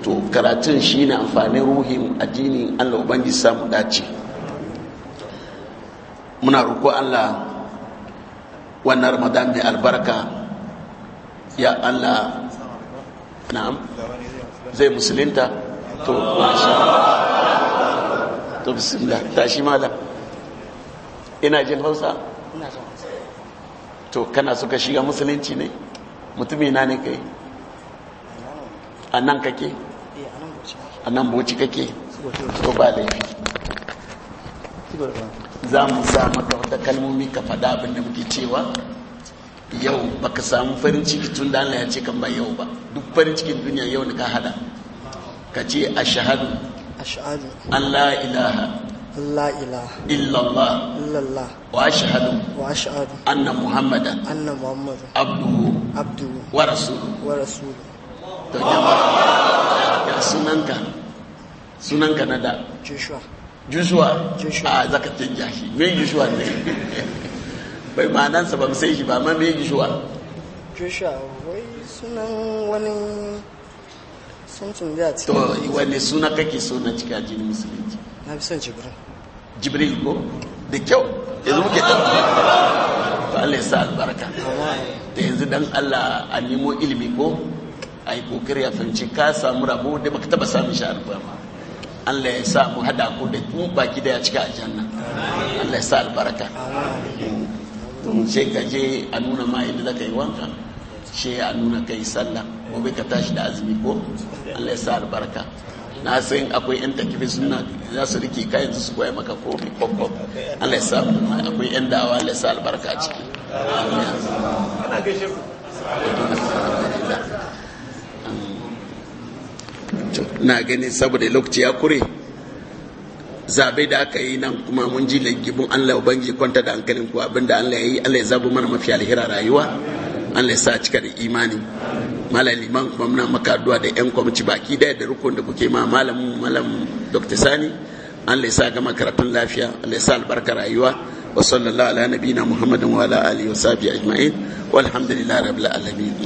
to karatun shi na amfanin ruhin addinin allah ubangi samu dace muna roƙo allah wannan ramadan mai albarka ya allah na'am zai musulinta to masha to bismillah tashi malam ina jin hausa ina jin to kana suka shiga musulunci ne mutum na ne kai a nan kake a nan boci kake to ba laifi za mu sa maka wata kalmomi ka fada abin da muke cewa yau ba ka samu farin ciki tun da Allah ya ce kan ba yau ba duk farin cikin duniya yau ne ka hada ka ce a shahadu, an la ilaha Allah ilallah Allah wa ashahadu wa ashahadu anna muhammadan anna muhammadan abduhu abduhu wa rasulu wa rasulu ya sunanka sunanka na da joshua joshua joshua a ah, zaka canja shi ne bai kake so na cika jini na jibril jibril ko da kyau yanzu muke ta Allah ya sa albarka da yanzu dan Allah a nemo ilimi ko a yi kokari a fahimci ka samu rabo da baka taba samun shi albarka Allah ya sa mu hada ku da ku baki da ya cika aljanna Allah ya sa albarka to sai ka je a nuna ma inda zaka yi wanka sai a nuna kai sallah gobe ka tashi da azumi ko Allah ya sa albarka na san akwai yan takifi suna za su rike ka yanzu su koya maka komi kwakwam Allah ya sa akwai yan dawa Allah ya sa albarka ciki na gani saboda lokaci ya kure zabe da aka yi nan kuma mun ji lagibin Allah bangi kwanta da hankalin ku abinda Allah ya yi Allah ya zabu mana mafi alhira rayuwa Allah ya sa cika da imani malam liman kuma muna maka addu'a da yan kwamci baki daya da rukun da kuke ma malamin malam dr sani an laisa gama karatun lafiya an laisa albarka rayuwa wa sallallahu ala muhammadin wa ala alihi wa sahbihi ajma'in walhamdulillahi rabbil alamin